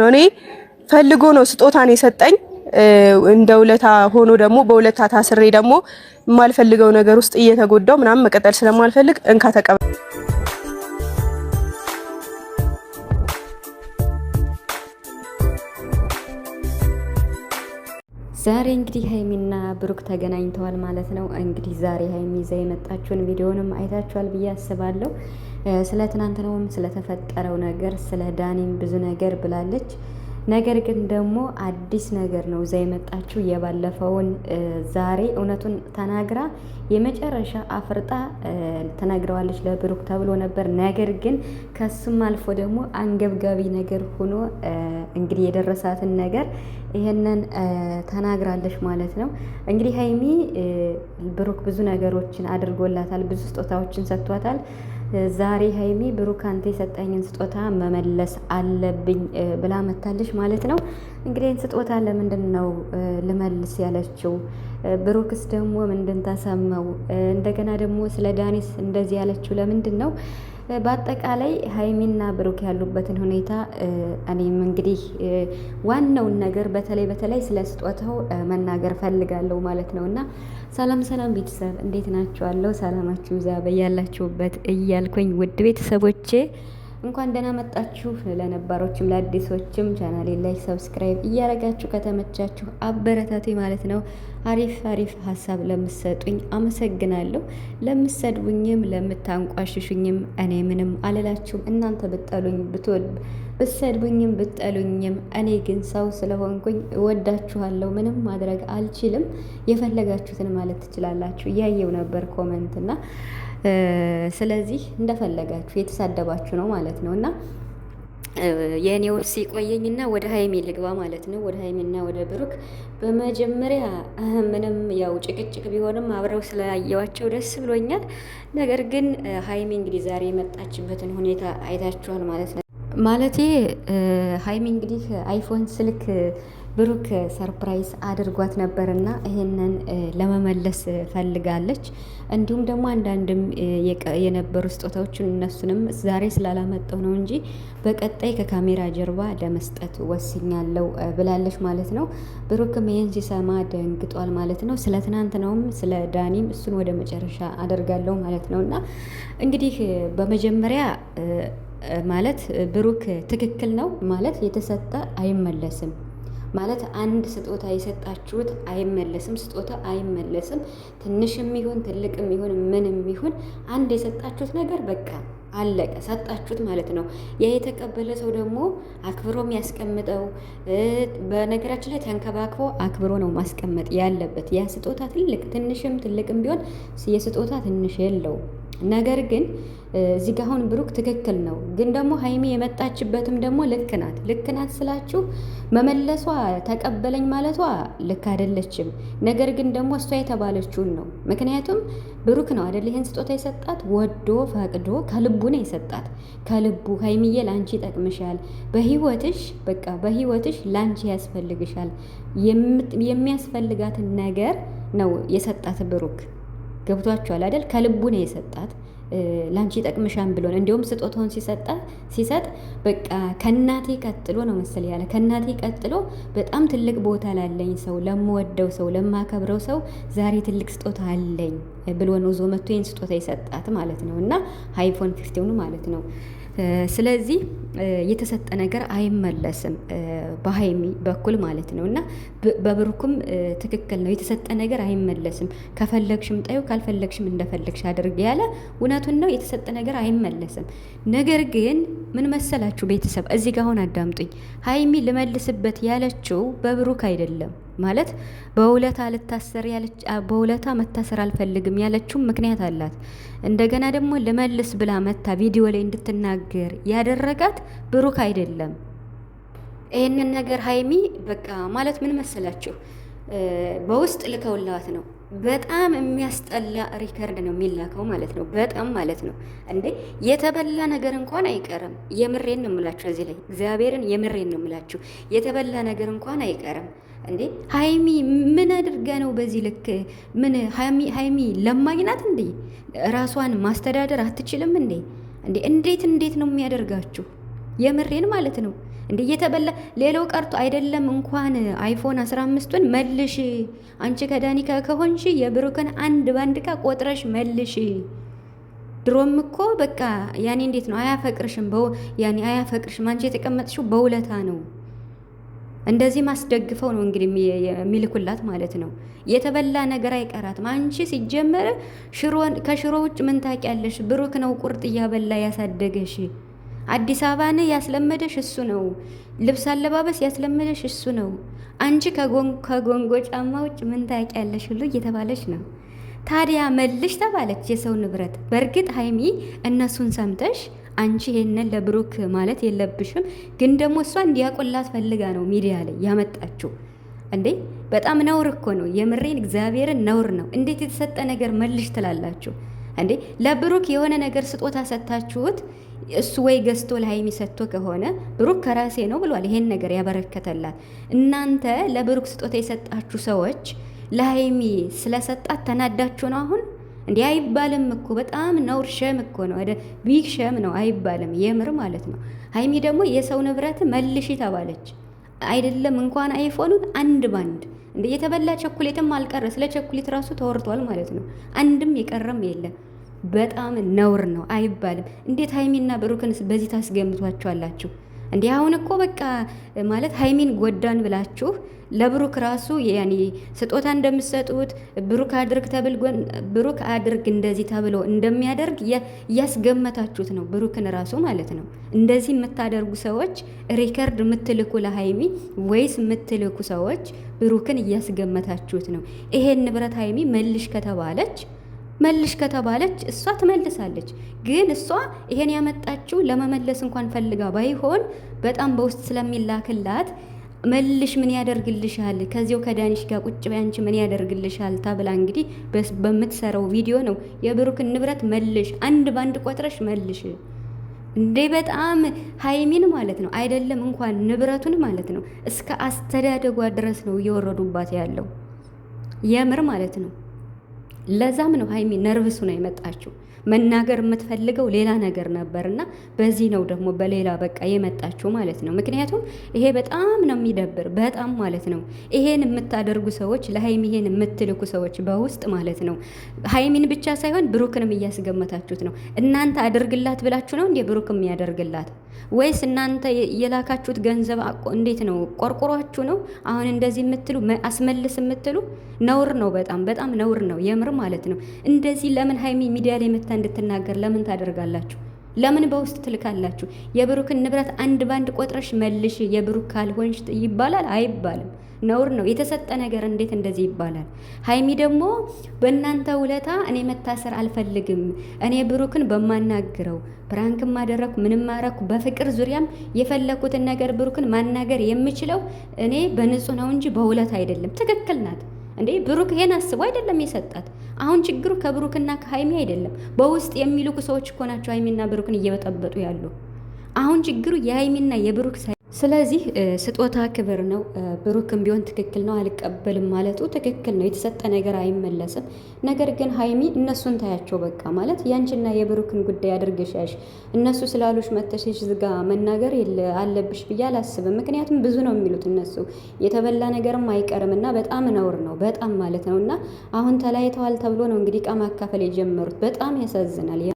ነው። እኔ ፈልጎ ነው ስጦታን የሰጠኝ። እንደ ውለታ ሆኖ ደግሞ በውለታ ታስሬ ደግሞ የማልፈልገው ነገር ውስጥ እየተጎዳው ምናምን መቀጠል ስለማልፈልግ እንካ ተቀበል። ዛሬ እንግዲህ ሀይሚና ብሩክ ተገናኝተዋል ማለት ነው። እንግዲህ ዛሬ ሀይሚ ይዛ የመጣችውን ቪዲዮንም አይታችኋል ብዬ አስባለሁ። ስለ ትናንትናውም ስለተፈጠረው ነገር ስለ ዳኒም ብዙ ነገር ብላለች። ነገር ግን ደግሞ አዲስ ነገር ነው እዛ የመጣችው። የባለፈውን ዛሬ እውነቱን ተናግራ የመጨረሻ አፍርጣ ተናግረዋለች ለብሩክ ተብሎ ነበር። ነገር ግን ከሱም አልፎ ደግሞ አንገብጋቢ ነገር ሆኖ እንግዲህ የደረሳትን ነገር ይህንን ተናግራለች ማለት ነው። እንግዲህ ሀይሚ ብሩክ ብዙ ነገሮችን አድርጎላታል፣ ብዙ ስጦታዎችን ሰጥቷታል። ዛሬ ሀይሚ ብሩክ አንተ የሰጠኝን ስጦታ መመለስ አለብኝ ብላ መታለች ማለት ነው። እንግዲህ ስጦታ ለምንድን ነው ልመልስ ያለችው? ብሩክስ ደግሞ ምንድን ተሰማው? እንደገና ደግሞ ስለ ዳኒስ እንደዚህ ያለችው ለምንድን ነው? በአጠቃላይ ሀይሚና ብሩክ ያሉበትን ሁኔታ እኔም እንግዲህ ዋናውን ነገር በተለይ በተለይ ስለ ስጦታው መናገር ፈልጋለሁ ማለት ነው። እና ሰላም ሰላም ቤተሰብ እንዴት ናችኋለሁ? ሰላማችሁ ዛ በያላችሁበት እያልኩኝ ውድ ቤተሰቦቼ እንኳን ደህና መጣችሁ። ለነባሮችም ለአዲሶችም ቻናሌ ላይ ሰብስክራይብ እያረጋችሁ ከተመቻችሁ አበረታቱኝ ማለት ነው። አሪፍ አሪፍ ሀሳብ ለምሰጡኝ አመሰግናለሁ። ለምሰድቡኝም ለምታንቋሽሹኝም እኔ ምንም አልላችሁም። እናንተ ብጠሉኝ ብትወድ ብትሰድቡኝም ብጠሉኝም እኔ ግን ሰው ስለሆንኩኝ እወዳችኋለሁ። ምንም ማድረግ አልችልም። የፈለጋችሁትን ማለት ትችላላችሁ። እያየው ነበር ኮመንት እና ስለዚህ እንደፈለጋችሁ የተሳደባችሁ ነው ማለት ነው እና የእኔ ውርስ ወደ ሀይሜ ልግባ ማለት ነው። ወደ ሀይሜና ወደ ብሩክ በመጀመሪያ ምንም ያው ጭቅጭቅ ቢሆንም አብረው ስላየዋቸው ደስ ብሎኛል። ነገር ግን ሀይሜ እንግዲህ ዛሬ የመጣችበትን ሁኔታ አይታችኋል ማለት ነው። ማለቴ ሀይሜ እንግዲህ አይፎን ስልክ ብሩክ ሰርፕራይዝ አድርጓት ነበርና ይሄንን ለመመለስ ፈልጋለች። እንዲሁም ደግሞ አንዳንድም የነበሩ ስጦታዎችን እነሱንም ዛሬ ስላላመጣው ነው እንጂ በቀጣይ ከካሜራ ጀርባ ለመስጠት ወስኛለሁ ብላለች ማለት ነው። ብሩክም ይህን ሲሰማ ደንግጧል ማለት ነው። ስለ ነውም ስለ ዳኒም እሱን ወደ መጨረሻ አደርጋለሁ ማለት ነው እና እንግዲህ በመጀመሪያ ማለት ብሩክ ትክክል ነው ማለት የተሰጠ አይመለስም ማለት አንድ ስጦታ የሰጣችሁት አይመለስም። ስጦታ አይመለስም። ትንሽም ይሁን ትልቅም ይሁን ምንም ይሁን አንድ የሰጣችሁት ነገር በቃ አለቀ። ሰጣችሁት ማለት ነው። ያ የተቀበለ ሰው ደግሞ አክብሮ የሚያስቀምጠው በነገራችን ላይ ተንከባክቦ አክብሮ ነው ማስቀመጥ ያለበት። ያ ስጦታ ትልቅ ትንሽም ትልቅም ቢሆን የስጦታ ትንሽ የለውም። ነገር ግን እዚህ ጋር አሁን ብሩክ ትክክል ነው፣ ግን ደግሞ ሀይሚ የመጣችበትም ደግሞ ልክ ናት። ልክ ናት ስላችሁ መመለሷ ተቀበለኝ ማለቷ ልክ አይደለችም። ነገር ግን ደግሞ እሷ የተባለችውን ነው። ምክንያቱም ብሩክ ነው አደል ይህን ስጦታ የሰጣት፣ ወዶ ፈቅዶ ከልቡ ነው የሰጣት። ከልቡ ሀይሚዬ ለአንቺ ይጠቅምሻል፣ በህይወትሽ በቃ በህይወትሽ ላንቺ ያስፈልግሻል የሚያስፈልጋትን ነገር ነው የሰጣት ብሩክ ገብቷቸዋል አይደል? ከልቡ ነው የሰጣት ላንቺ ይጠቅምሻን ብሎን እንዲሁም ስጦታውን ሲሰጠ ሲሰጥ በቃ ከእናቴ ቀጥሎ ነው መሰል ያለ ከእናቴ ቀጥሎ በጣም ትልቅ ቦታ ላለኝ ሰው ለምወደው ሰው ለማከብረው ሰው ዛሬ ትልቅ ስጦታ አለኝ ብሎ ነው ዞ መቶ ይህን ስጦታ ይሰጣት ማለት ነው እና አይፎን ፊፍቲኑ ማለት ነው። ስለዚህ የተሰጠ ነገር አይመለስም በሀይሚ በኩል ማለት ነው እና በብሩኩም ትክክል ነው። የተሰጠ ነገር አይመለስም። ከፈለግሽም ጣዩ፣ ካልፈለግሽም እንደፈለግሽ አድርግ ያለ እውነቱን ነው። የተሰጠ ነገር አይመለስም። ነገር ግን ምን መሰላችሁ ቤተሰብ፣ እዚህ ጋር አሁን አዳምጡኝ። ሀይሚ ልመልስበት ያለችው በብሩክ አይደለም ማለት በውለታ ልታሰር ያለች በውለታ መታሰር አልፈልግም ያለችውም ምክንያት አላት። እንደገና ደግሞ ልመልስ ብላ መታ ቪዲዮ ላይ እንድትናገር ያደረጋት ብሩክ አይደለም። ይህንን ነገር ሀይሚ በቃ ማለት ምን መሰላችሁ በውስጥ ልከውላት ነው በጣም የሚያስጠላ ሪከርድ ነው የሚላከው ማለት ነው። በጣም ማለት ነው እንዴ የተበላ ነገር እንኳን አይቀርም። የምሬን ነው የምላችሁ እዚህ ላይ እግዚአብሔርን የምሬን ነው የምላችሁ የተበላ ነገር እንኳን አይቀርም። እንዴ ሀይሚ ምን አድርጋ ነው በዚህ ልክ? ምን ሀይሚ ለማኝ ናት እንዴ? ራሷን ማስተዳደር አትችልም እንዴ? እንዴት እንዴት ነው የሚያደርጋችሁ? የምሬን ማለት ነው እንዴ እየተበላ ሌላው ቀርቶ አይደለም እንኳን አይፎን 15ቱን መልሽ። አንቺ ከዳኒካ ከሆንሽ የብሩክን አንድ ባንድ ካ ቆጥረሽ መልሽ። ድሮም እኮ በቃ ያኔ እንዴት ነው አያፈቅርሽም፣ በው ያኔ አያፈቅርሽም። አንቺ የተቀመጥሽው በውለታ ነው። እንደዚህ ማስደግፈው ነው እንግዲህ የሚልኩላት ማለት ነው። የተበላ ነገር አይቀራትም። አንቺ ሲጀመር ሽሮ ከሽሮ ውጭ ምን ታውቂያለሽ? ብሩክ ነው ቁርጥ እያበላ ያሳደገሽ። አዲስ አበባን ያስለመደሽ እሱ ነው። ልብስ አለባበስ ያስለመደሽ እሱ ነው። አንቺ ከጎንጎ ጫማ ውጭ ምን ታውቂያለሽ ሁሉ እየተባለች ነው። ታዲያ መልሽ ተባለች የሰው ንብረት። በእርግጥ ሀይሚ እነሱን ሰምተሽ አንቺ ይሄንን ለብሩክ ማለት የለብሽም፣ ግን ደግሞ እሷ እንዲያቆላት ፈልጋ ነው ሚዲያ ላይ ያመጣችው። እንዴ በጣም ነውር እኮ ነው። የምሬን እግዚአብሔርን ነውር ነው። እንዴት የተሰጠ ነገር መልሽ ትላላችሁ? እንዴ ለብሩክ የሆነ ነገር ስጦታ ሰጥታችሁት እሱ ወይ ገዝቶ ለሀይሚ ሰጥቶ ከሆነ ብሩክ ከራሴ ነው ብሏል። ይሄን ነገር ያበረከተላት እናንተ ለብሩክ ስጦታ የሰጣችሁ ሰዎች ለሀይሚ ስለሰጣት ተናዳችሁ ነው አሁን እንዴ አይባልም እኮ በጣም ነውር ሸም እኮ ነው። ወደ ቢግ ሸም ነው አይባልም፣ የምር ማለት ነው። ሀይሚ ደግሞ የሰው ንብረት መልሽ ተባለች አይደለም እንኳን አይፎኑን አንድ ባንድ እንደ የተበላ ቸኩሌትም አልቀረ ስለ ቸኩሌት ራሱ ተወርቷል ማለት ነው። አንድም የቀረም የለም። በጣም ነውር ነው አይባልም። እንዴት ሀይሚና ብሩክንስ በዚህ ታስገምቷቸዋላችሁ? እንዲህ አሁን እኮ በቃ ማለት ሀይሚን ጎዳን ብላችሁ ለብሩክ ራሱ ያኔ ስጦታ እንደምትሰጡት ብሩክ አድርግ ተብል ብሩክ አድርግ እንደዚህ ተብሎ እንደሚያደርግ እያስገመታችሁት ነው። ብሩክን ራሱ ማለት ነው። እንደዚህ የምታደርጉ ሰዎች ሪከርድ የምትልኩ ለሀይሚ ወይስ የምትልኩ ሰዎች ብሩክን እያስገመታችሁት ነው። ይሄን ንብረት ሀይሚ መልሽ ከተባለች መልሽ ከተባለች እሷ ትመልሳለች። ግን እሷ ይሄን ያመጣችው ለመመለስ እንኳን ፈልጋ ባይሆን በጣም በውስጥ ስለሚላክላት መልሽ ምን ያደርግልሻል፣ ከዚው ከዳኒሽ ጋር ቁጭ በይ ምን ያደርግልሻል ተብላ እንግዲህ በምትሰራው ቪዲዮ ነው የብሩክን ንብረት መልሽ፣ አንድ ባንድ ቆጥረሽ መልሽ። እንዴ በጣም ሀይሚን ማለት ነው አይደለም እንኳን ንብረቱን ማለት ነው እስከ አስተዳደጓ ድረስ ነው እየወረዱባት ያለው የምር ማለት ነው። ለዛም ነው ሀይሚ ነርቭሱ ነው የመጣችው። መናገር የምትፈልገው ሌላ ነገር ነበርና በዚህ ነው ደግሞ በሌላ በቃ የመጣችው ማለት ነው። ምክንያቱም ይሄ በጣም ነው የሚደብር፣ በጣም ማለት ነው። ይሄን የምታደርጉ ሰዎች፣ ለሀይሚ ይሄን የምትልኩ ሰዎች በውስጥ ማለት ነው ሀይሚን ብቻ ሳይሆን ብሩክንም እያስገመታችሁት ነው። እናንተ አድርግላት ብላችሁ ነው እንዴ ብሩክ የሚያደርግላት ወይስ እናንተ የላካችሁት ገንዘብ እንዴት ነው? ቆርቆሯችሁ ነው አሁን እንደዚህ የምትሉ አስመልስ የምትሉ ነውር ነው። በጣም በጣም ነውር ነው የምር ማለት ነው። እንደዚህ ለምን ሀይሚ ሚዲያ ላይ መታ እንድትናገር ለምን ታደርጋላችሁ? ለምን በውስጥ ትልካላችሁ? የብሩክን ንብረት አንድ ባንድ ቆጥረሽ መልሽ የብሩክ ካልሆንሽ ይባላል አይባልም? ነውር ነው። የተሰጠ ነገር እንዴት እንደዚህ ይባላል? ሀይሚ ደግሞ በእናንተ ውለታ እኔ መታሰር አልፈልግም፣ እኔ ብሩክን በማናግረው ፕራንክ አደረግኩ ምንም ማረኩ በፍቅር ዙሪያም የፈለኩትን ነገር ብሩክን ማናገር የምችለው እኔ በንጹህ ነው እንጂ በውለታ አይደለም። ትክክል ናት። እንዴ ብሩክ ይሄን አስቦ አይደለም የሰጣት። አሁን ችግሩ ከብሩክና ከሀይሚ አይደለም። በውስጥ የሚልኩ ሰዎች እኮ ናቸው ሀይሚና ብሩክን እየበጠበጡ ያሉ። አሁን ችግሩ የሀይሚና የብሩክ ስለዚህ ስጦታ ክብር ነው። ብሩክም ቢሆን ትክክል ነው፣ አልቀበልም ማለቱ ትክክል ነው። የተሰጠ ነገር አይመለስም። ነገር ግን ሀይሚ እነሱን ታያቸው በቃ ማለት ያንቺና የብሩክን ጉዳይ አድርገሻሽ እነሱ ስላሉሽ መተሸሽ ዝጋ መናገር አለብሽ ብዬ አላስብም። ምክንያቱም ብዙ ነው የሚሉት እነሱ የተበላ ነገርም አይቀርም እና በጣም ነውር ነው በጣም ማለት ነው። እና አሁን ተለያይተዋል ተብሎ ነው እንግዲህ ቃ ማካፈል የጀመሩት። በጣም ያሳዝናል።